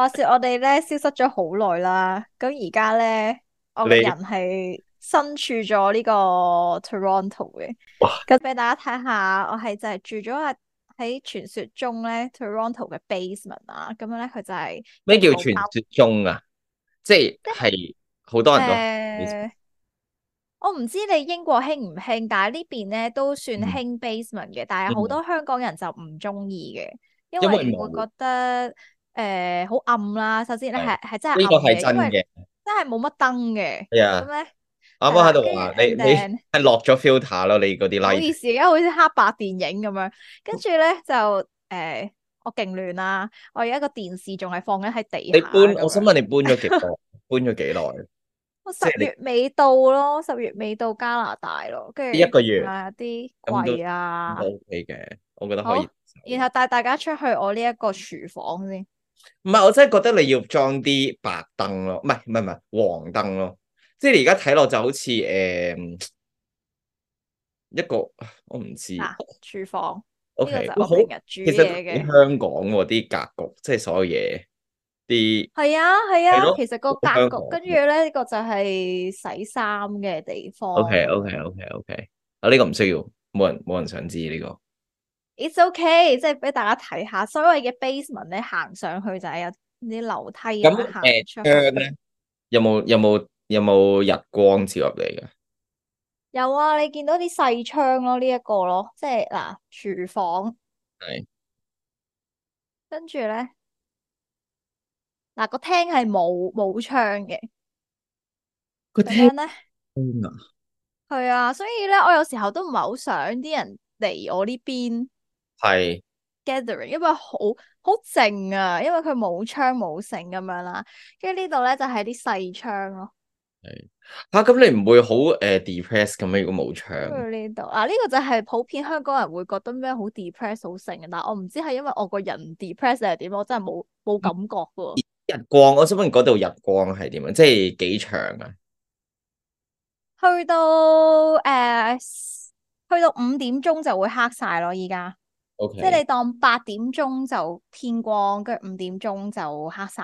話說我哋咧消失咗好耐啦，咁而家咧我嘅人係身處咗呢個 Toronto 嘅。哇！咁俾大家睇下，我係就係住咗喺傳説中咧 Toronto 嘅 basement 啊。咁樣咧佢就係、是、咩叫傳説中啊？即係是好是多人講。呃、我唔知你英國興唔興，但係呢邊咧都算興 basement 嘅，嗯、但係好多香港人就唔中意嘅，因為會覺得。誒，好暗啦。首先咧係係真係呢個係真嘅，真係冇乜燈嘅。係啊，啱啱喺度話你你係落咗 filter 咯，你嗰啲 light。唔好意思，而家好似黑白電影咁樣。跟住咧就誒，我勁亂啦。我而家個電視仲係放緊喺地下。你搬？我想問你搬咗幾多？搬咗幾耐？我十月尾到咯，十月尾到加拿大咯。跟住呢一個月係啲櫃啊，都 OK 嘅，我覺得可以。然後帶大家出去我呢一個廚房先。唔係，我真係覺得你要裝啲白燈咯，唔係唔係唔係黃燈咯，即係你而家睇落就好似誒、呃、一個，我唔知、啊、廚房。O Okay , K，我好、哦、其實喺香港喎啲格局，即係所有嘢啲係啊係啊，啊咯其實個格局跟住咧呢、這個就係洗衫嘅地方。O K O K O K O K 啊呢個唔需要，冇人冇人,人想知呢、這個。It's o、okay, k a 即係俾大家睇下，所謂嘅 basement 咧，行上去就係有啲樓梯咁行出嚟。窗咧，有冇有冇有冇日光照入嚟嘅？有啊，你見到啲細窗咯，呢、這、一個咯，即係嗱、啊、廚房係是跟住咧嗱個廳係冇冇窗嘅個廳咧，天啊，係啊，所以咧我有時候都唔係好想啲人嚟我呢邊。係是 gathering，因為好好靜啊，因為佢冇窗冇城咁樣啦。跟住呢度咧就係啲細窗咯。係吓，咁你唔會好誒 depress 咁樣？如果冇窗呢度啊，呢、呢個就係普遍香港人會覺得咩好 depress 好城嘅。但係我唔知係因為我個人 depress 定係點，我真係冇冇感覺噶。日光，我想問嗰度日光係點樣啊？即係幾長啊？去到誒，uh, 去到五點鐘就會黑晒咯。依家。Okay. 即係你當八點鐘就天光，跟住五點鐘就黑晒。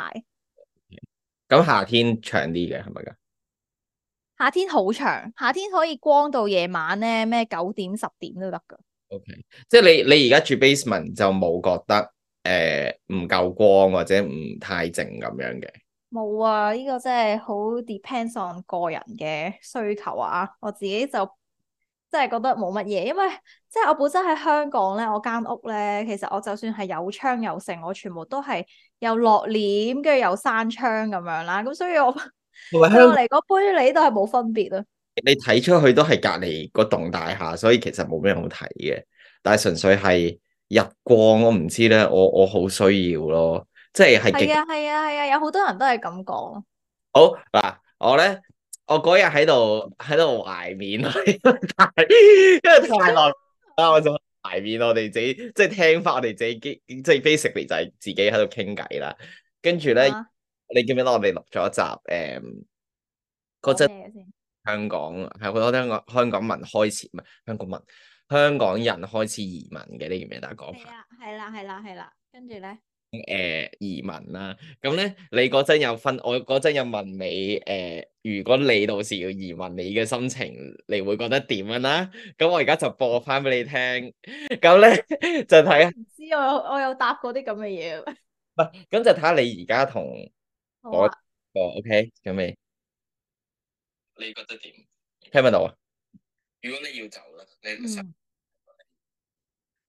咁、yeah. 夏天長啲嘅係咪噶？是是夏天好長，夏天可以光到夜晚咧，咩九點、十點都得噶。O、okay. K，即係你你而家住 basement 就冇覺得誒唔夠光或者唔太靜咁樣嘅？冇啊，呢、呢個真係好 depends on 個人嘅需求啊！我自己就。真係覺得冇乜嘢，因為即係我本身喺香港咧，我間屋咧，其實我就算係有窗有城，我全部都係有落簾，跟住有閂窗咁樣啦。咁所以我嚟，喂我嚟嗰杯，喂你都度係冇分別咯。你睇出去都係隔籬個棟大廈，所以其實冇咩好睇嘅。但係純粹係日光，我唔知咧，我我好需要咯，即係係啊係啊係啊，啊，有好多人都係咁講。好嗱，我咧。我嗰日喺度喺度懷緬，捱面 因為太因為太耐啦，我就懷緬我哋自己，即係聽翻我哋自己，即係 basically 就係自己喺度傾偈啦。跟住咧，嗯、你記唔記得我哋錄咗一集誒？嗰、嗯、陣香港係好多香港香港民開始唔係香港文，香港人開始移民嘅，你記唔記得嗰排？係啦係啦係啦，跟住咧。誒、呃，移民啦，咁咧，你嗰陣有問，我嗰陣有問你，誒、呃，如果你到時要移民，你嘅心情你會覺得點樣啦？咁我而家就播翻俾你聽，咁咧 就睇看。唔知我有我有答過啲咁嘅嘢。唔咁、啊、就睇下你而家同我，哦、啊、OK，咁你你覺得點？聽唔到啊？如果你要走啦，你想、嗯、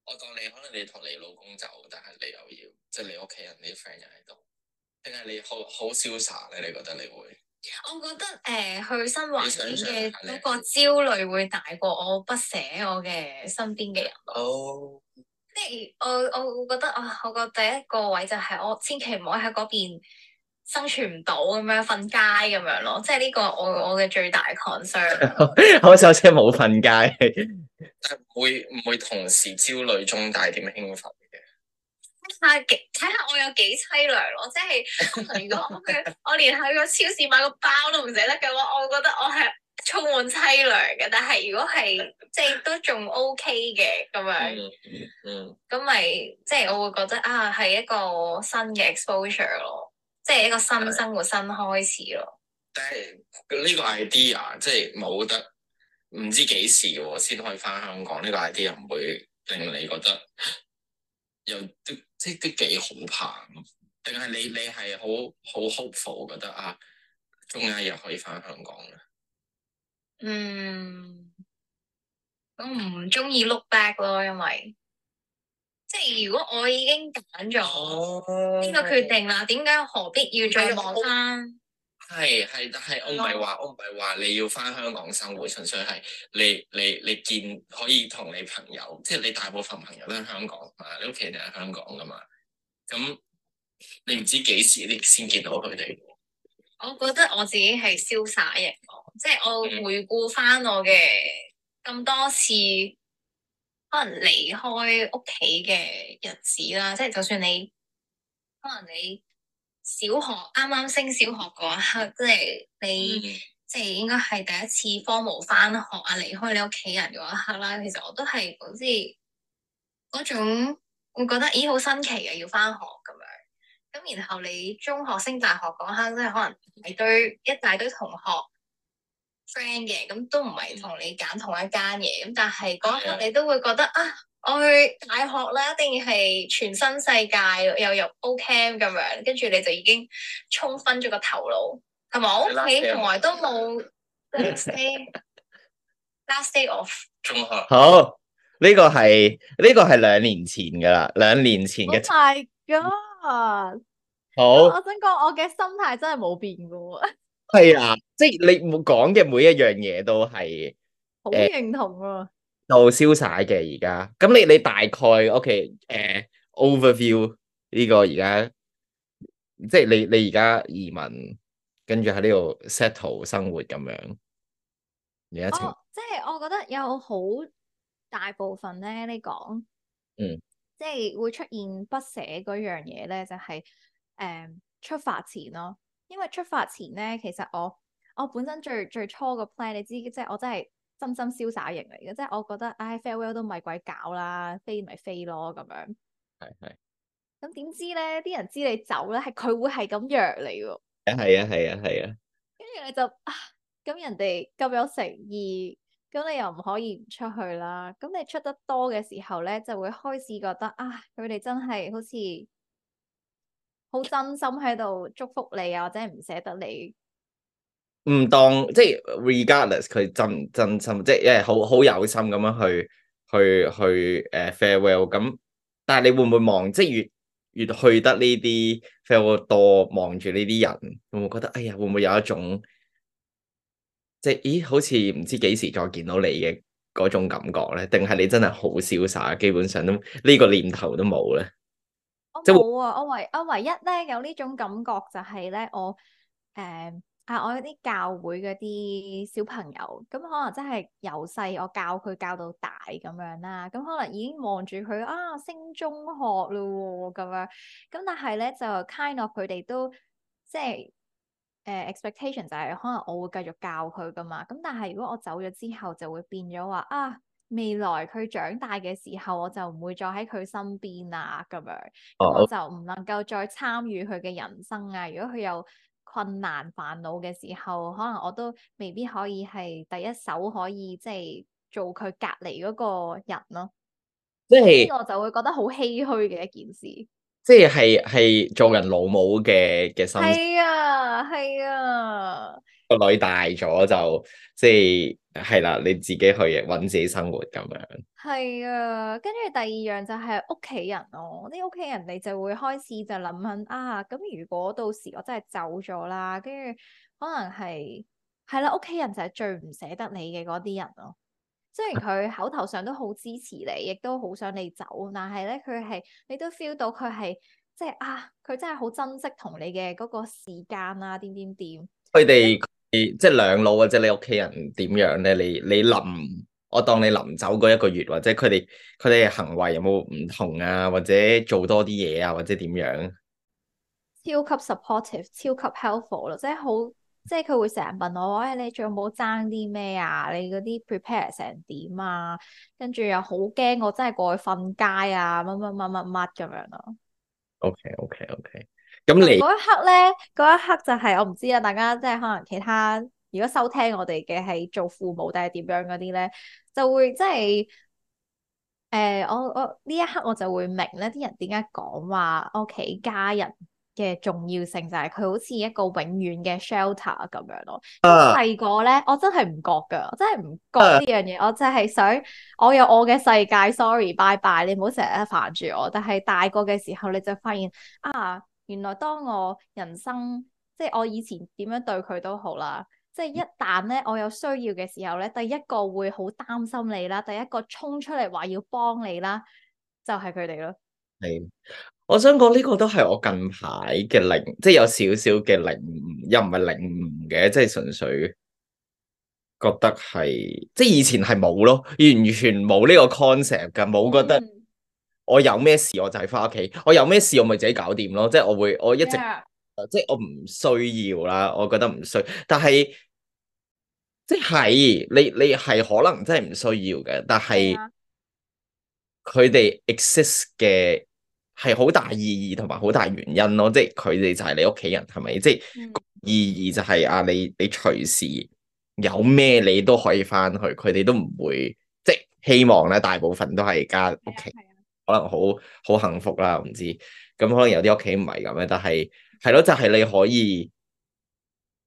我當你可能你同你老公走，但係你又。即係你屋企人啲 friend 又喺度，定係你好好瀟灑咧？你覺得你會？我覺得誒、呃，去新環境嘅一個焦慮會大過我不捨我嘅身邊嘅人。好、哦，即係我我會覺得啊，我覺得第一個位就係我千祈唔好喺嗰邊生存唔到咁樣瞓街咁樣咯。即係呢個我我嘅最大 concern。好彩我真係冇瞓街。但係會唔會同時焦慮中大點興奮？睇下、啊、我有幾淒涼咯，即係如果我我連去個超市買個包都唔捨得嘅話，我會覺得我係充滿淒涼嘅。但係如果係即係都仲 OK 嘅咁樣，咁咪即係我會覺得啊，係一個新嘅 exposure 咯，即係一個新生活、嗯、新開始咯。但係呢個 idea 即係冇得唔知幾時先可以翻香港，呢、呢個 idea 唔會令你覺得有啲。即係都幾可怕，定係你你係好好 hopeful 覺得啊，中間又可以翻香港嘅？嗯，咁唔中意 look back 咯，因為即係如果我已經揀咗呢個決定啦，點解何必要再望翻？Oh, okay. 係係，但係我唔係話，我唔係話你要返香港生活，純粹係你你你見可以同你朋友，即係你大部分朋友都喺香港嘛，你屋企人喺香港㗎嘛，咁你唔知幾時先見到佢哋。我覺得我自己係瀟灑型，即係我回顧返我嘅咁多次可能離開屋企嘅日子啦，即係就算你可能你。小學，啱啱升小學嗰一刻，即係你，嗯、即係應該係第一次荒無翻學啊，離開你屋企人嗰一刻啦。其實我都係好似嗰種，會覺得咦好新奇啊，要翻學咁樣。咁然後你中學升大學嗰一刻，即係可能係堆、一大堆同學 friend 嘅，咁都唔係同你揀同一間嘢。咁但係嗰一刻你都會覺得、嗯、啊～我去大學咧，一定係全新世界，又入 O camp 咁樣，跟住你就已經沖昏咗個頭腦，係咪？屋企從來都冇 last day of 中學？好呢、呢個係呢、呢個係兩年前噶啦，兩年前嘅。Oh my God！好，我想講我嘅心態真係冇變噶喎。係 啊，即係你講嘅每一樣嘢都係好認同。到消晒嘅而家，咁你你大概 OK 誒、uh, overview 呢個而家，即係你你而家移民跟住喺呢度 settle 生活咁樣，而家情即係我覺得有好大部分咧，你講嗯，即係會出現不捨嗰樣嘢咧，就係、是、誒、嗯、出發前咯，因為出發前咧，其實我我本身最最初個 plan，你知即係、就是、我真係。真心瀟灑型嚟嘅，即係我覺得，唉，哎，farewell 都咪鬼搞啦，飛咪飛咯咁樣。係係。咁點知咧？啲人知你走咧，係佢會係咁約你喎。啊，係啊，係啊，係啊。跟住你就啊，咁人哋咁有誠意，咁你又唔可以唔出去啦。咁你出得多嘅時候咧，就會開始覺得啊，佢哋真係好似好真心喺度祝福你啊，或者唔捨得你。唔當即係 regardless，佢真真心即係好好有心咁樣去去去誒 farewell 咁。呃、farewell，但係你會唔會望即係越越去得呢啲 farewell 多望住呢啲人，會唔會覺得哎呀，會唔會有一種即係咦？好似唔知幾時再見到你嘅嗰種感覺咧？定係你真係好瀟灑，基本上都呢、這個念頭都冇咧。我冇啊！我唯我唯一咧有呢種感覺就係咧，我誒。嗯啊！我啲教會嗰啲小朋友，咁可能真係由細我教佢教到大咁樣啦。咁可能已經望住佢啊升中學咯咁樣。咁但係咧就 kind of 佢哋都即係誒 expectation 就係可能我會繼續教佢噶嘛。咁但係如果我走咗之後，就會變咗話啊未來佢長大嘅時候，我就唔會再喺佢身邊啦咁樣。哦，我就唔能夠再參與佢嘅人生啊！如果佢有，困難煩惱嘅時候，可能我都未必可以係第一手可以即係、就是、做佢隔離嗰個人咯，即係、就是、我就會覺得好唏嘘嘅一件事，即係係係做人老母嘅嘅心，係啊係啊，個女大咗就即係。就是係啦，你自己去搵自己生活咁樣。係啊，跟住第二樣就係屋企人咯、哦，啲屋企人你就會開始就諗緊啊，咁如果到時我真係走咗啦，跟住可能係係啦，屋企人就係最唔捨得你嘅嗰啲人咯、哦。雖然佢口頭上都好支持你，亦都好想你走，但係咧佢係你都 feel 到佢係即係啊，佢真係好珍惜同你嘅嗰個時間啊，點點點。佢哋。即係兩老或者你屋企人點樣咧？你你臨我當你臨走嗰一個月或者佢哋佢哋嘅行為有冇唔同啊？或者做多啲嘢啊？或者點樣？超級 supportive，超級 helpful 咯，即係好，即係佢會成日問我，喂、哎，你仲有冇爭啲咩啊？你嗰啲 prepare 成點啊？跟住又好驚我真係過去瞓街啊？乜乜乜乜乜咁樣咯。OK，OK，OK、okay, okay, okay. 咁嗰一刻咧，嗰一刻就係我唔知喇！大家即係可能其他如果收聽我哋嘅係做父母定係點樣嗰啲咧，就會即係誒我我呢一刻我就會明咧啲人點解講話屋企家人嘅重要性就係佢好似一個永遠嘅 shelter 咁樣咯。細個咧，我真係唔覺㗎，我真係唔覺呢樣嘢，uh, 我真係想我有我嘅世界。Sorry，拜拜，你唔好成日咧煩住我。但係大個嘅時候你就發現啊～原來當我人生即係我以前點樣對佢都好啦，即係一旦咧我有需要嘅時候咧，第一個會好擔心你啦，第一個衝出嚟話要幫你啦，就係佢哋咯。係，我想講呢個都係我近排嘅領，即係有少少嘅領悟，又唔係領悟嘅，即係純粹覺得係，即係以前係冇咯，完全冇呢個 concept 噶，冇覺得。嗯。我有咩事我就係翻屋企，我有咩事我咪自己搞掂咯，即係我會，我一直，Yeah. 即係我唔需要啦，我覺得唔需要，但係即係你你係可能真係唔需要嘅，但係佢哋 exist 嘅係好大意義同埋好大原因咯，即係佢哋就係你屋企人係咪？即係意義就係啊，你你隨時有咩你都可以翻去，佢哋都唔會，即係希望咧，大部分都係而家屋企。Yeah. 可能好好幸福啦，唔知咁可能有啲屋企唔係咁咧，但係係咯，就係、是、你可以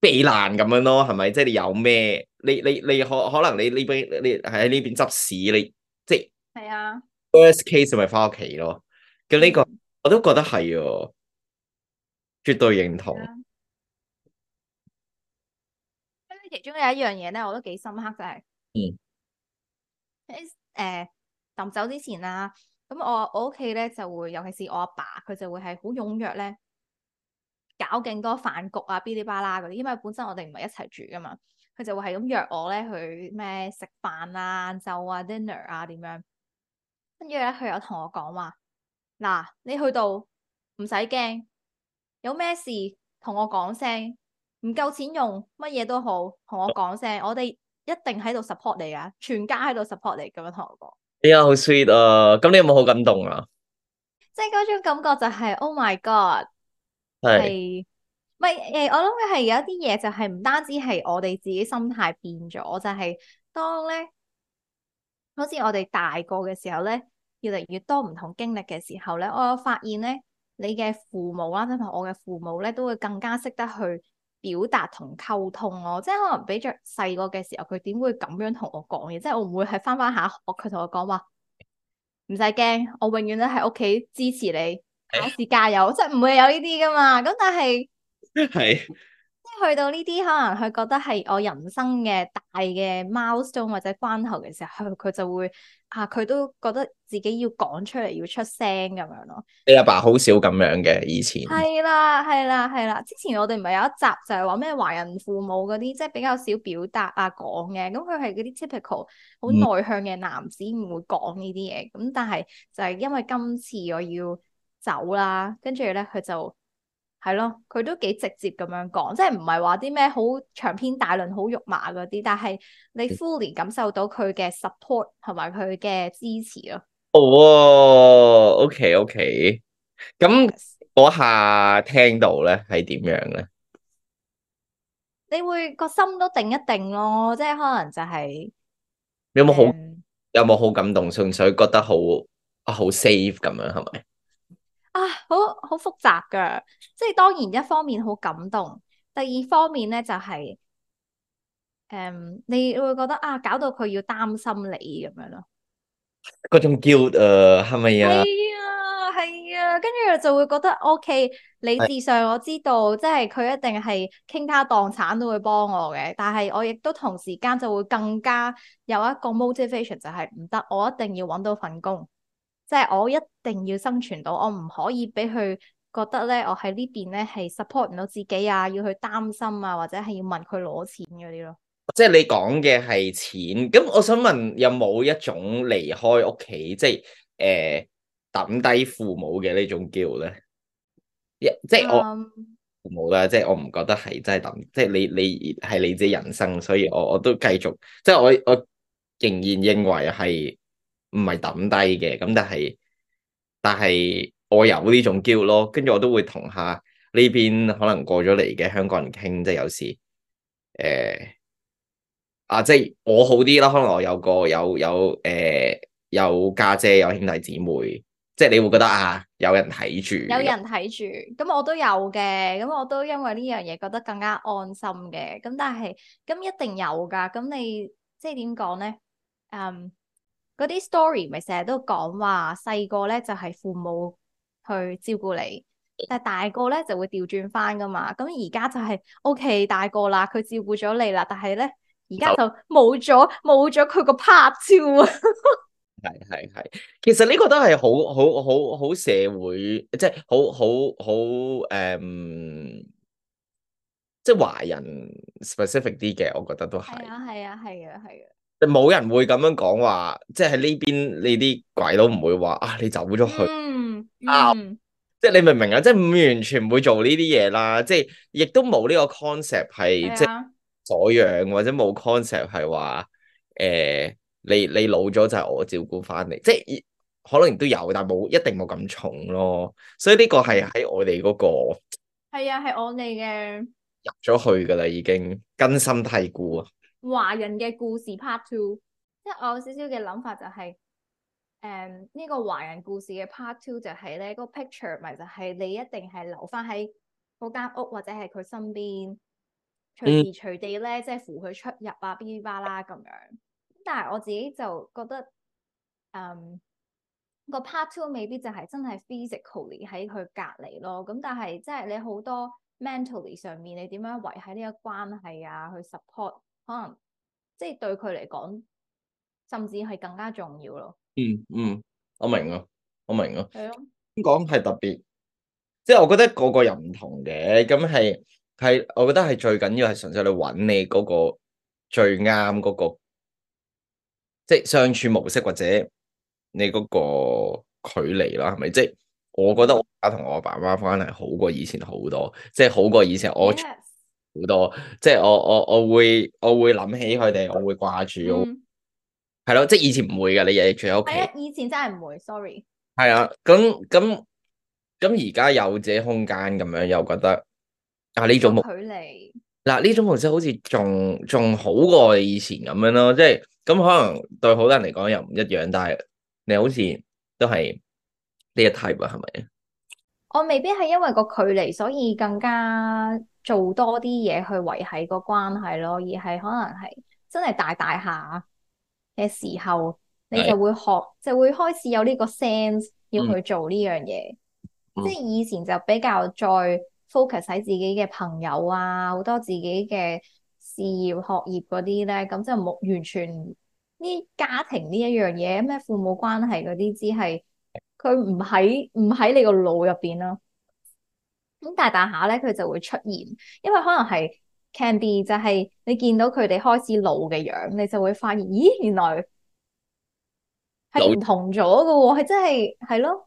避難咁樣咯，係咪？即、就、係、是、你有咩？你你你可可能你呢邊你喺呢邊執屎，你，你，你即係啊。Worst case 咪翻屋企咯。咁、這、呢個我都覺得係，絕對認同。咁咧、啊，其中有一樣嘢咧，我都幾深刻就係，嗯，喺誒臨走之前啊。咁我我屋企咧就會，尤其是我阿爸，佢就會係好踴躍咧，搞勁多飯局啊，嗶哩吧啦嗰啲。因為本身我哋唔係一齊住噶嘛，佢就會係咁約我咧去咩食飯啊、晏晝啊、dinner 啊點樣。跟住咧，佢有同我講話，嗱，你去到唔使驚，有咩事同我講聲，唔夠錢用乜嘢都好，同我講聲，我哋一定喺度 support 你噶，全家喺度 support 你咁樣同我講。哎呀，好 sweet 啊！咁你有冇好感動啊？即係嗰種感覺就係，Oh my God，係咪？誒，我諗嘅係有一啲嘢就係唔單止係我哋自己心態變咗，就係當咧，好似我哋大個嘅時候咧，越嚟越多唔同經歷嘅時候咧，我有發現咧，你嘅父母啦，即係我嘅父母咧，都會更加識得去。表達同溝通咯，即係可能俾着細個嘅時候，佢點會咁樣同我講嘢？即係我唔會係翻翻下學，佢同我講話唔使驚，我永遠都喺屋企支持你，考試加油，即係唔會有呢啲噶嘛。咁但係係。 去到呢啲可能佢覺得係我人生嘅大嘅 milestone 或者關頭嘅時候，佢就會啊，佢都覺得自己要講出嚟，要出聲咁樣咯。你阿爸好少咁樣嘅以前。係啦，係啦，係啦。之前我哋唔係有一集就係話咩華人父母嗰啲，即係比較少表達啊講嘅。咁佢係嗰啲 typical 好內向嘅男子，唔會講呢啲嘢。咁但係就係因為今次我要走啦，跟住咧佢就。係咯，佢都幾直接咁樣講，即係唔係話啲咩好長篇大論、好肉麻嗰啲，但係你 fully 感受到佢嘅 support 同埋佢嘅支持咯。哦，OK OK，咁嗰下聽到咧係點樣咧？你會個心都定一定咯，即係可能就係有冇好有冇好感動，純粹覺得好啊好 safe 咁樣係咪？啊，好好複雜噶，即係當然一方面好感動，第二方面咧，就係、是，誒、嗯、你會覺得啊，搞到佢要擔心你咁樣咯。嗰種叫 guilt 係咪啊？係啊係啊，跟住就會覺得 OK，理智上我知道，是即係佢一定係傾家蕩產都會幫我嘅，但係我亦都同時間就會更加有一個 motivation，就係唔得，我一定要搵到份工。即係我一定要生存到，我唔可以俾佢覺得咧，我喺呢邊咧係 support 唔到自己啊，要去擔心啊，或者係要問佢攞錢嗰啲咯。即係你講嘅係錢，咁我想問有冇一種離開屋企，即係誒抌低父母嘅呢種叫 e 咧？即係我、um, 父母啦，即係我唔覺得係真係抌，即係你你係你自己人生，所以我我都繼續，即係我我仍然認為係。唔係抌低嘅，咁但係，但係我有呢種 feel 咯，跟住我都會同下呢邊可能過咗嚟嘅香港人傾，即係有時，誒、呃，啊，即係我好啲啦，可能我有個有有誒、呃、有家姐，姐有兄弟姊妹，即係你會覺得啊，有人睇住，有人睇住，咁我都有嘅，咁我都因為呢樣嘢覺得更加安心嘅，咁但係，咁一定有噶，咁你即係點講咧？嗯、um,。嗰啲 story 咪成日都講話細個咧就係、是、父母去照顧你，但係大個咧就會調轉翻噶嘛。咁而家就係、是、OK 大個啦，佢照顧咗你啦，但係咧而家就冇咗冇咗佢個拍照啊！係係係，其實呢個都係好好好好社會，即、就、係、是、好好好誒，即係華人 specific 啲嘅，我覺得都係啊，係啊，係啊，係啊。冇人會咁樣講話，即係喺呢邊，呢啲鬼都唔會話啊，你走咗去、嗯嗯、啊，即係你明唔明啊？即係唔完全唔會做呢啲嘢啦，即係亦都冇呢個 concept 係即係左養，或者冇 concept 係話誒，你你老咗就係我照顧返你，即係可能都有，但係冇一定冇咁重咯。所以呢個係喺我哋嗰、嗰個係啊，係我哋嘅入咗去噶啦，已經根深蒂固啊。華人嘅故事 part two，即係我有少少嘅諗法、就係，就係誒呢個華人故事嘅 part two 就係咧、嗰個 picture 咪就係你一定係留翻喺嗰間屋或者係佢身邊，隨時隨地咧，即係扶佢出入啊，B B 巴啦咁樣。但係我自己就覺得，嗯，個 part two 未必就係真係 physically 喺佢隔離咯。咁但係即係你好多 mentally 上面你點樣維繫呢個關係啊，去 support。可能即係對佢嚟講，甚至係更加重要咯。嗯嗯，我明啊，我明啊，係啊，先講係特別，即係我覺得個個人唔同嘅，咁係係，我覺得係最緊要係純粹你揾你嗰個最啱嗰個，即係相處模式或者你嗰個距離啦，係咪？即係我覺得我而家同我爸爸關係好過以前好多，即係好過以前我。Yes. 好多，即係我我我會我會諗起佢哋，我會掛住，係咯、嗯，即係以前唔會嘅，你日日住喺屋企，以前真係唔會，sorry。係啊，咁咁咁而家有自己空間咁樣，又覺得啊呢種距離嗱呢種模式好似仲仲好過以前咁樣咯，即係咁可能對好多人嚟講又唔一樣，但係你好似都係呢個 type 啊，係咪啊？我未必係因為個距離，所以更加。做多啲嘢去維繫個關係咯，而係可能係真係大大下嘅時候，你就會學，的就會開始有呢個 sense 要去做呢樣嘢。嗯、即係以前就比較再 focus 喺自己嘅朋友啊，好多自己嘅事業、學業嗰啲咧，咁就冇完全呢家庭呢一樣嘢，咩父母關係嗰啲，只係佢唔喺唔喺你個腦入邊咯。咁大大下咧，佢就會出現，因為可能係 can be，就係你見到佢哋開始老嘅樣，你就會發現，咦，原來係唔同咗㗎喎，係老真係係咯。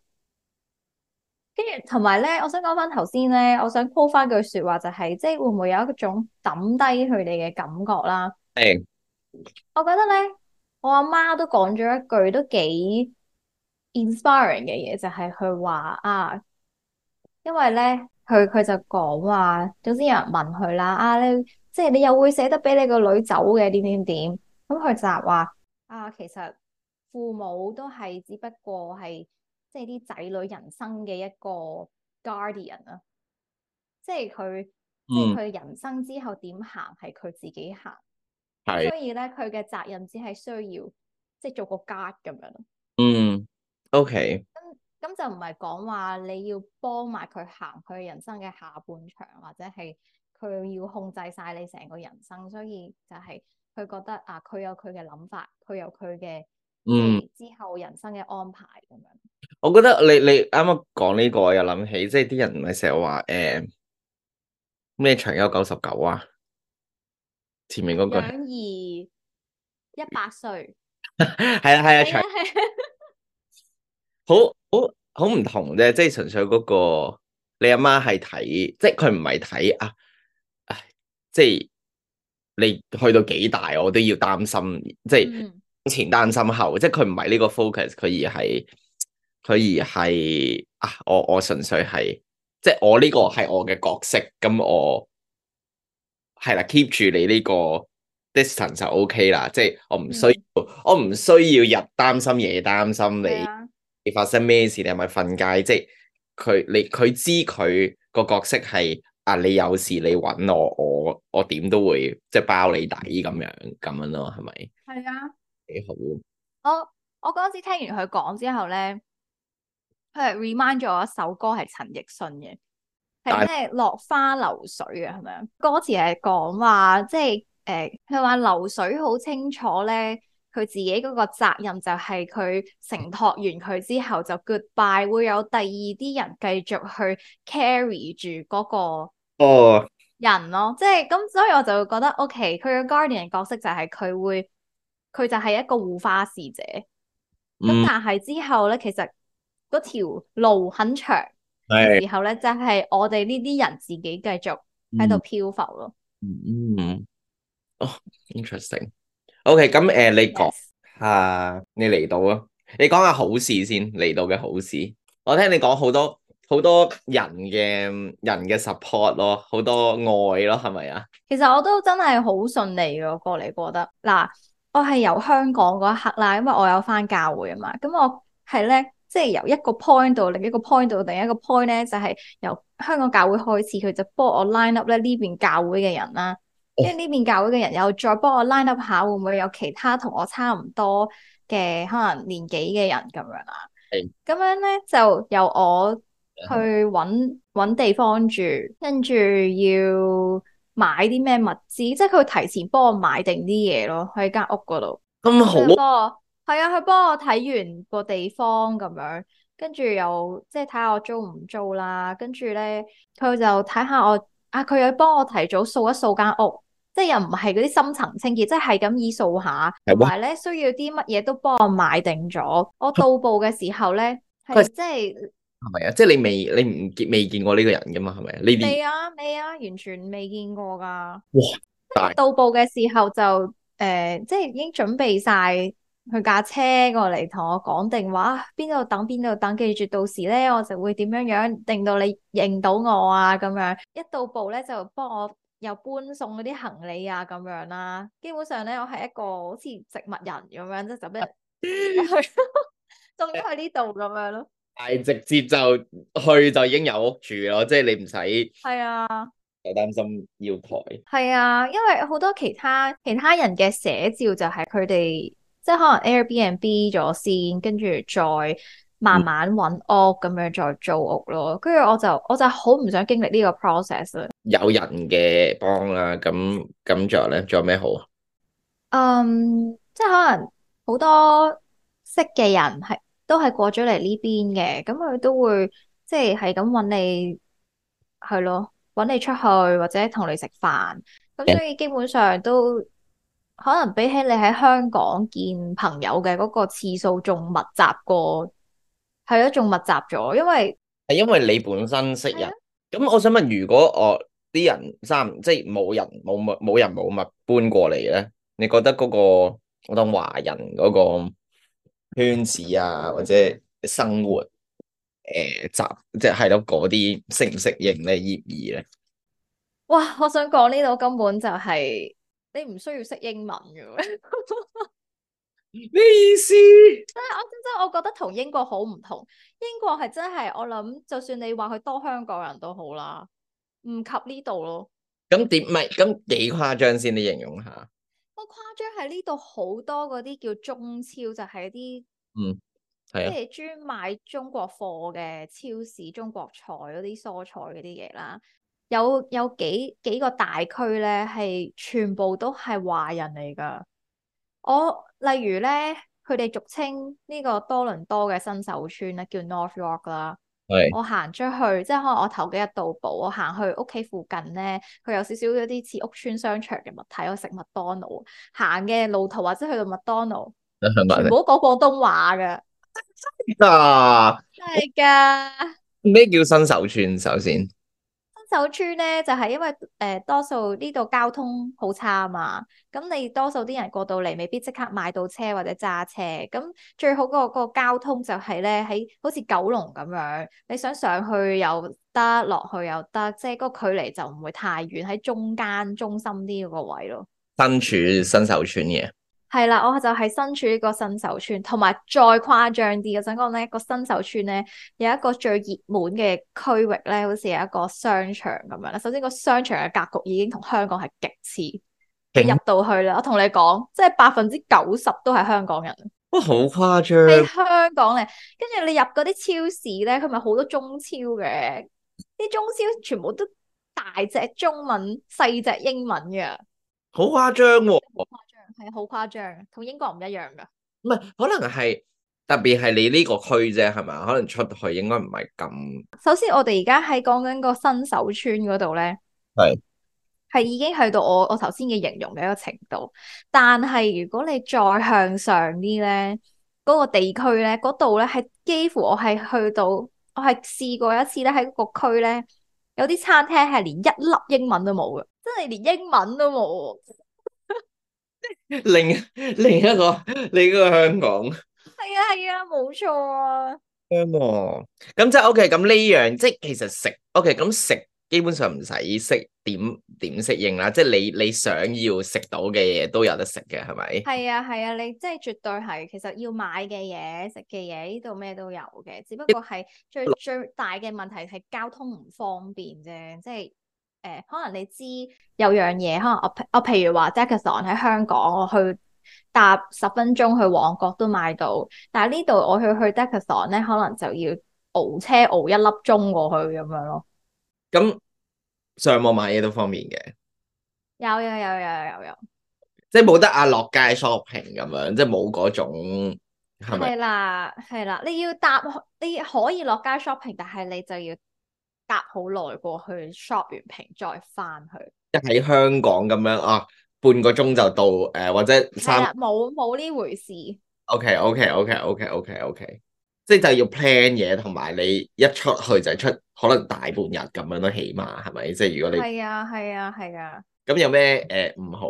跟住同埋咧，我想講翻頭先咧，我想 po 翻句説話，就係，就係即係會唔會有一種抌低佢哋嘅感覺啦？誒、嗯，我覺得咧，我阿媽都講咗一句都幾 inspiring 嘅嘢，就係佢話啊，因為咧。佢佢就講話，總之有人問佢啦，啊你即係你又會捨得俾你個女走嘅，點點點，咁佢、嗯嗯、就話，啊其實父母都係只不過係即係啲仔女人生嘅一個 guardian 啊。即係佢即係佢人生之後點行係佢自己行，的所以咧佢嘅責任只係需要即係做個 guard 咁樣。的嗯，OK。咁就唔係講話你要幫埋佢行佢人生嘅下半場，或者係佢要控制晒你成個人生，所以就係佢覺得啊，佢有佢嘅諗法，佢有佢嘅嗯之後人生嘅安排咁、嗯、樣。我覺得你你啱啱講呢個，又諗起，即係啲人唔係成日話誒咩長憂九十九啊，前面嗰句養兒一百歲係 啊係啊，啊長。好好好唔同啫，即係純粹嗰個你阿媽係睇，即係佢唔係睇啊，即係你去到幾大，我都要擔心，即係前擔心後，即係佢唔係呢個 focus，佢而係佢而係啊，我我純粹係，即係我呢個係我嘅角色，咁我係啦，keep 住你呢個 distance 就 OK 啦，即係我唔需要，嗯、我唔需要日擔心夜擔心你。Yeah. 你發生咩事？你係咪瞓街？即係佢你佢知佢個角色係啊？你有事你搵我，我我點都會即係包你底咁樣咁樣咯，係咪？係啊，幾好我。我我嗰陣時聽完佢講之後咧，佢係 remind 咗我一首歌係陳奕迅嘅，係咩《落花流水》啊？係咪啊？歌詞係講話即係誒，佢、就、話、是呃、流水好清楚咧。佢自己嗰個責任就係佢承托完佢之後就 goodbye，會有第二啲人繼續去 carry 住嗰個人咯，oh. 即係咁，所以我就會覺得 OK，佢嘅 guardian 角色就係佢會，佢就係一個護花使者。咁、mm. 但係之後咧，其實嗰條路很長呢，然後咧就係我哋呢啲人自己繼續喺度漂浮咯。嗯、mm. mm，哦、hmm. oh, interesting。O K，咁誒，你講下你嚟到啊？你講下好事先嚟到嘅好事。我聽你講好多好多人嘅人嘅 support 咯，好多愛咯，係咪啊？其實我都真係好順利嘅，過嚟過得。嗱，我係由香港嗰一刻啦，因為我有翻教會啊嘛。咁我係咧，即係由一個 point 度，另一個 point 度，另一個 point 咧，就係由香港教會開始，佢就幫我 line up 咧呢邊教會嘅人啦。跟住呢邊教會嘅人又再幫我 line up 一下，會唔會有其他同我差唔多嘅可能年紀嘅人咁樣啊？咁是樣咧就由我去搵搵地方住，跟住要買啲咩物資，即係佢提前幫我買定啲嘢咯，喺間屋嗰度。咁好、嗯。多，係、嗯、啊，佢幫我睇完個地方咁樣，跟住又即係睇下我租唔租啦，跟住咧佢就睇下我。啊！佢又幫我提早掃一掃間屋，即係又唔係嗰啲深層清潔，即係咁意掃下，係話咧需要啲乜嘢都幫我買定咗。我到步嘅時候咧，係呵是即係係咪啊？即係你未你唔見未見過呢個人噶嘛？係咪呢啲未啊未啊，完全未見過噶。哇！但係到步嘅時候就誒、呃，即係已經準備晒。佢架車過嚟同我講定話，邊度等邊度等，記住到時咧我就會點樣樣，令到你認到我啊咁樣。一到步咧就幫我又搬送嗰啲行李啊咁樣啦。基本上咧我係一個好似植物人咁樣，即係就俾人去送去呢度咁樣咯。係直接就去就已經有屋住咯，即係你唔使係啊，又擔心要抬係啊，因為好多其他其他人嘅寫照就係佢哋。即係可能 Airbnb 咗先，跟住再慢慢揾屋咁樣再租屋咯。跟住我就我就好唔想經歷呢個 process 啦。有人嘅幫啦，啊，咁咁仲有咧，仲有咩好？嗯，um，即係可能好多識嘅人係都係過咗嚟，呢邊嘅，咁佢都會即係係咁揾你，係咯，揾你出去或者同你食飯。咁所以基本上都。可能比起你喺香港見朋友嘅嗰個次數仲密集過，係咯，仲密集咗，因為係因為你本身識人，咁的我想問，如果我啲、哦、人三即係冇人冇物冇人冇物搬過嚟咧，你覺得嗰、嗰個我當華人嗰個圈子啊，或者生活誒集即係咯嗰啲適唔適應咧？粵語咧？哇！我想講呢度根本就係、是。你唔需要識英文嘅咩 意思？真係我真真我覺得同英國好唔同。英國係真係我諗，就算你話佢多香港人都好啦，唔及呢度咯。咁點？唔係咁幾誇張先？你形容下。我誇張係呢度好多嗰啲叫中超，就係一啲嗯，係啊，即係專賣中國貨嘅超市，中國菜嗰啲蔬菜嗰啲嘢啦。有有幾幾個大區咧，係全部都係華人嚟噶我例如咧，佢哋俗稱呢個多倫多嘅新手村咧，叫 North York 啦是。係我行出去，即係可能我頭幾日到步，我行去屋企附近咧，佢有少少一啲似屋村商場嘅物體，我食麥當勞。行嘅路途或者去到麥當勞，唔好講廣東話嘅，真噶、啊，真係噶。咩叫新手村？首先？新手村咧就係、是、因為誒、呃，多數呢度交通好差啊嘛，咁你多數啲人過到嚟，未必即刻買到車或者揸車，咁最好嗰、那個、那個交通就係咧喺好似九龍咁樣，你想上去又得，落去又得，即係嗰個距離就唔會太遠，喺中間中心啲嗰個位咯。新處新手村嘅。係啦，我就係身處呢個新手村，同埋再誇張啲嘅想講咧，一個新手村咧有一個最熱門嘅區域咧，好似係一個商場咁樣啦。首先個商場嘅格局已經同香港係極似，入行到去啦，我同你講，即係百分之九十都係香港人。哇、哦，好誇張！喺香港咧，跟住你入嗰啲超市咧，佢咪好多中超嘅，啲中超全部都大隻中文，細隻英文嘅，好誇張喎。係好誇張，同英國唔一樣噶唔係，可能係特別係你呢個區啫，係咪？可能出去應該唔係咁。首先，我哋而家喺講緊個新手村嗰度咧，係係是已經去到我我頭先嘅形容嘅一個程度。但係如果你再向上啲咧，嗰、嗰個地區咧，嗰度咧係幾乎我係去到，我係試過一次咧，喺個區咧有啲餐廳係連一粒英文都冇嘅，真係連英文都冇。另 另一個你 一個香港，係啊係啊，冇錯啊。咁、啊、 即係 OK，咁呢樣即係其實食 OK，咁食基本上唔使適點點適應啦，即係你你想要食到嘅嘢都有得食嘅，係咪？係啊係啊，你即係絕對係，其實要買嘅嘢食嘅嘢呢度咩都有嘅，只不過係最最大嘅問題係交通唔方便啫，即係。誒，可能你知有樣嘢，可能我，我譬如話 Decathlon 喺香港，我去搭十分鐘去旺角都買到，但係呢度我去去 Decathlon 咧，可能就要熬車熬一粒鐘過去咁樣咯。咁、嗯、上網買嘢都方便嘅，有有有有有有，有，有即，即係冇得阿落街 shopping 咁樣，即係冇嗰種係咪？係啦係啦，你要搭你可以落街 shopping，但係你就要。搭好耐過去，shop 完平再翻去。一喺香港咁樣啊，半個鐘就到誒、呃，或者三冇冇呢回事？OK，OK，OK，OK，OK，即係就要 plan 嘢，同埋你一出去就出，可能大半日咁樣都起碼係咪？即係如果你係啊，係啊，係啊，咁有咩誒唔好？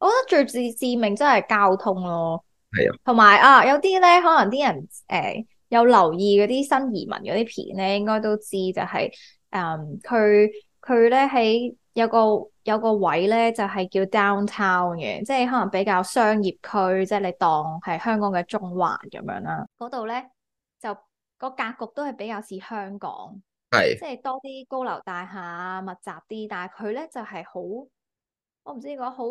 我覺得最致致命真係交通咯，係啊，同埋的啊，有啲咧可能啲人誒。呃有留意嗰啲新移民嗰啲片咧，應該都知就係，誒，佢佢咧喺有個有個位咧，就係叫 downtown 嘅，即係可能比較商業區，即係你當係香港嘅中環咁樣啦。嗰度咧就個格局都係比較似香港，係即係多啲高樓大廈密集啲。但係佢咧就係好，我唔知講好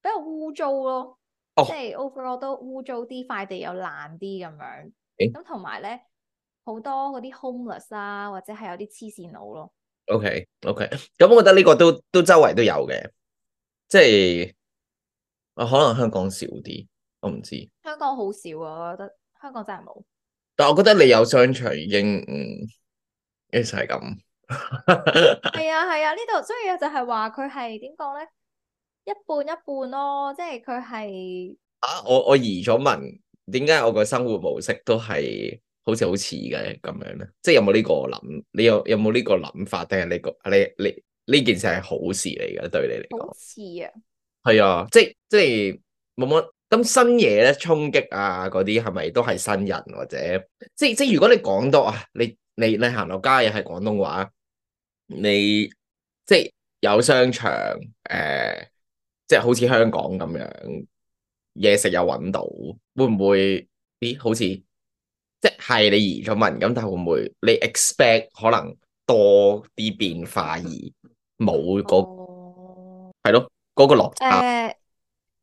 比較污糟咯。即係 overall 都污糟啲，塊地又爛啲咁樣，咁同埋咧好多嗰啲 homeless 啊，或者係有啲黐線佬咯。OK，OK，okay. okay. 咁我覺得呢個都都周圍都有嘅，即係我、啊、可能香港少啲，我唔知。香港好少啊，我覺得香港真係冇。但係我覺得你有商場已經嗯一齊咁。係啊係啊，呢度、啊啊、所以就係話佢係點講咧？一半一半咯，即係佢係啊！我我移咗民，點解我個生活模式都係好似好似嘅咁樣咧？即係有冇呢個諗？你有有冇呢個諗法？定係你個你你呢件事係好事嚟嘅？對你嚟講，好似啊，係啊，即係即係冇冇咁新嘢咧衝擊啊！嗰啲係咪都係新人或者？即即如果你講到啊，你你你行落街又係廣東話，你即係有商場誒。呃即係好似香港咁樣，嘢食又揾到，會唔會？咦，好似即係你移咗民咁，但係會唔會你 expect 可能多啲變化而冇嗰係咯嗰個落差？呃、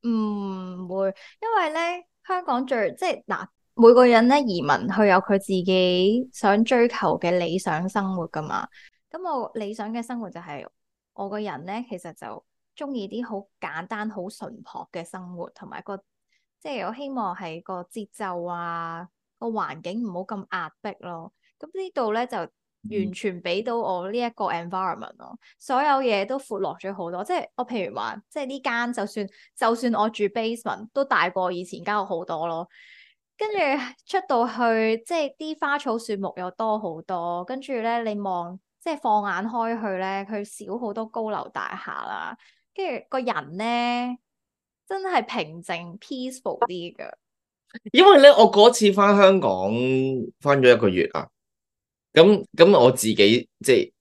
唔會，因為咧香港最即係嗱，每個人咧移民去有佢自己想追求嘅理想生活噶嘛。咁我理想嘅生活就係、是、我個人咧，其實就。中意啲好簡單、好淳樸嘅生活，同埋個即係我希望係個節奏啊，個環境唔好咁壓迫咯。咁呢度咧就完全俾到我呢一個 environment 咯，所有嘢都闊落咗好多。即係我譬如話，即係呢間，就算就算我住 basement，都大過以前間屋好多咯。跟住出到去，即係啲花草樹木又多好多。跟住咧，你望即係放眼開去咧，佢少好多高樓大廈啦。跟住個人咧，真係平靜 peaceful 啲嘅。因為咧，我嗰次翻香港翻咗一個月啊，咁咁我自己即係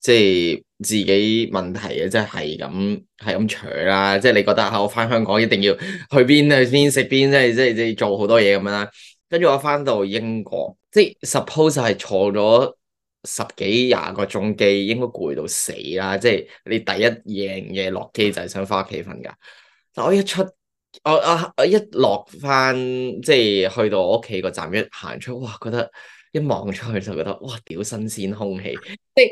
即係自己問題啊，即係係咁係咁扯啦。即係你覺得啊，我翻香港一定要去邊去邊食邊即係即係即係做好多嘢咁樣啦。跟住我翻到英國，即係 suppose 係坐咗。十幾廿個鐘機，應該攰到死啦！即係你第一夜嘢落機就係想翻屋企瞓噶。但我一出，我啊我，我一落翻，即係去到我屋企個站一行出，哇！覺得一望出去就覺得哇，屌新鮮空氣！即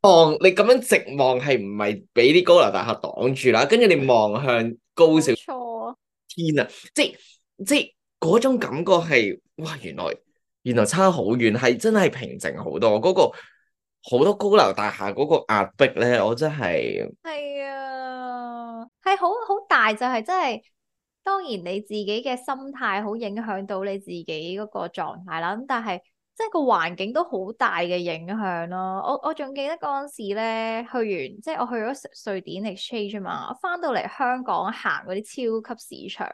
望你咁樣直望係唔係俾啲高樓大廈擋住啦？跟住你望向高少錯天啊！即係即係嗰種感覺係哇，原來。原來差好遠，係真係平靜好多。嗰個好多高樓大廈嗰個壓迫咧，我真係係啊，係好好大，就係真係。當然你自己嘅心態好影響到你自己嗰個狀態啦。咁但係，即係個環境都好大嘅影響咯。我我仲記得嗰陣時咧，去完即係我去咗瑞典 exchange 嘛，翻到嚟香港行嗰啲超級市場，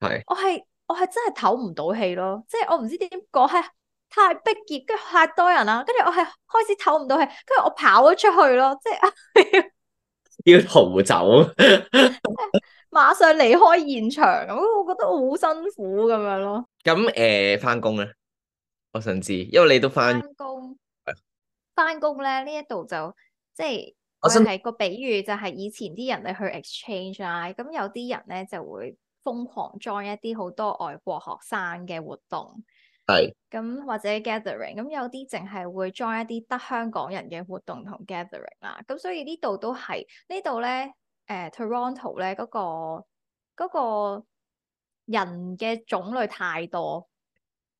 係我係。我係真係唞唔到氣咯，即係我唔知點講，係太逼結，跟住太多人啦，跟住我係開始唞唔到氣，跟住我跑咗出去咯，即係 啊要逃走， 馬上離開現場咁，我覺得好辛苦咁樣咯。咁誒，翻工咧，我想知，因為你都翻工，翻工咧呢，心呢一度就即係我想係個比喻，就係以前啲人你去 exchange 啊，咁有啲人咧就會。瘋狂 join 一啲好多外國學生嘅活動，係是，咁或者 gathering，咁有啲淨係會 join 一啲得香港人嘅活動同 gathering 啦，咁所以呢度都係呢度咧，誒 Toronto 咧，嗰個嗰個人嘅種類太多，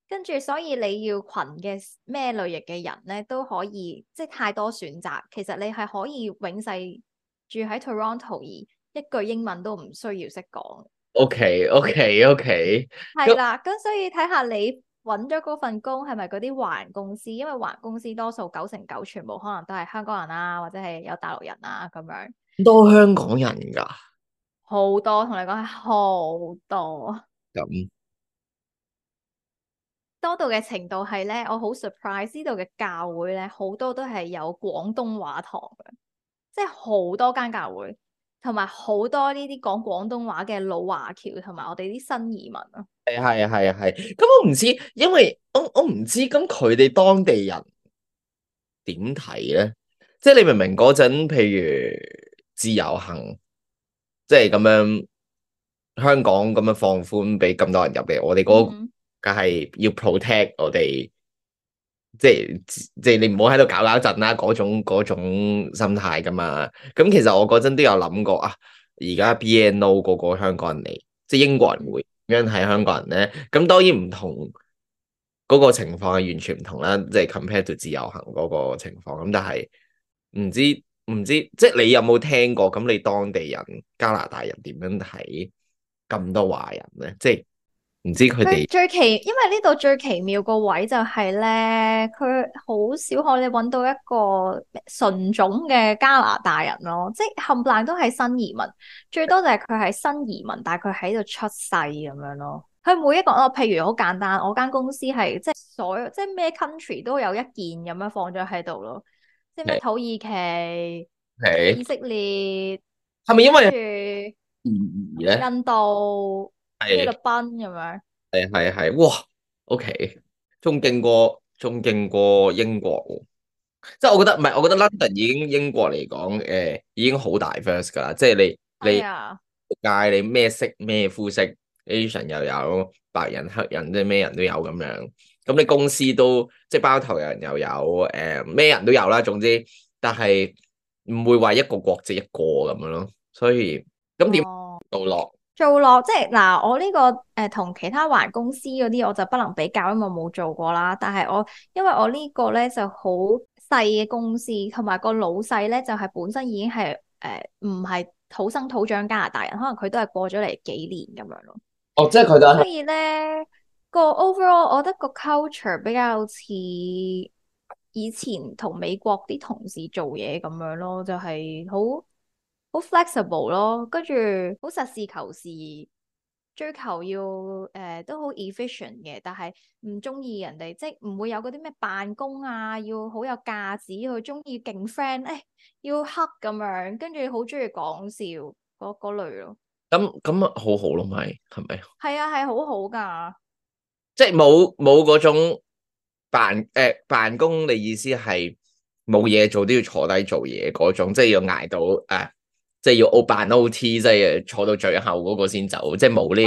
跟住所以你要群嘅咩類型嘅人咧都可以，即係太多選擇。其實你係可以永世住喺 Toronto 而一句英文都唔需要識講。O K O K O K，係啦，咁所以睇下你揾咗嗰份工係咪嗰啲華人公司？因為華人公司多數九成九全部可能都係香港人啊，或者係有大陸人啊咁樣。多香港人噶，好多同你講係好多，咁多到嘅程度係咧，我好 surprise，呢度嘅教會咧好多都係有廣東話堂嘅，即係好多間教會。同埋好多呢啲講廣東話嘅老華僑，同埋我哋啲新移民啊，誒，係啊係啊係，咁我唔知，因為我我唔知，咁佢哋當地人點睇咧？即係你明明嗰陣譬如自由行，即係咁樣香港咁樣放寬俾咁多人入嚟。我哋嗰個梗係要 protect 我哋。嗯 嗯 嗯即係即係你唔好喺度搞搞震啦，嗰種嗰種心態噶嘛。咁其實我嗰陣都有諗過啊。而家 BNO 個個香港人嚟，即係英國人會點樣睇香港人咧？咁當然唔同嗰個情況係完全唔同啦。即係 compare to 自由行嗰個情況咁，但係唔知唔知即係你有冇聽過？咁你當地人加拿大人點樣睇咁多華人咧？即係。唔知佢哋最奇，因為呢度最奇妙個位就係咧，佢好少可你搵到一個純種嘅加拿大人咯，即係冚唪唥都係新移民，最多就係佢係新移民，但係佢喺度出世咁樣咯。佢每一個，譬如好簡單，我間公司係即係所有，即係咩 country 都有一件咁樣放咗喺度咯，即係土耳其、的以色列，係咪因為住印度？係個賓咁樣，誒係係哇，OK，仲勁過仲勁過英國喎，即係我覺得唔係，我覺得 London 已經英國嚟講，誒、呃、已經好大 diverse 噶啦，即係你你街、哎、呀你咩色咩膚色 Asian 又有白人黑人，即係咩人都有咁樣，咁你公司都即係包頭人又有誒咩、呃、人都有啦，總之，但係唔會話一個國籍一個咁樣咯，所以咁點到落？做落即係嗱，我呢、這個誒、呃、同其他環公司嗰啲，我就不能比較，因為我冇做過啦。但係我因為我個呢個咧就好細嘅公司，同埋個老細咧就係、是、本身已經係誒唔係土生土長加拿大人，可能佢都係過咗嚟幾年咁樣咯。哦，即係佢都係。所以咧，個 overall，我覺得個 culture 比較似以前同美國啲同事做嘢咁樣咯，就係、是、好。好 flexible 咯，跟住好實事求是，追求要誒、呃、都好 efficient 嘅，但係唔中意人哋，即係唔會有嗰啲咩辦公啊，要好有架子，要中意勁 friend，誒、哎、要黑咁樣，跟住好中意講笑嗰嗰類咯。咁咁啊，好好咯，咪係咪？係啊，係、啊、好好噶，即係冇冇嗰種辦誒、呃、辦公，你意思係冇嘢做都要坐低做嘢嗰種，即係要挨到誒。呃即要 O 班 O T，即係坐到最後嗰個先走，即係冇呢個。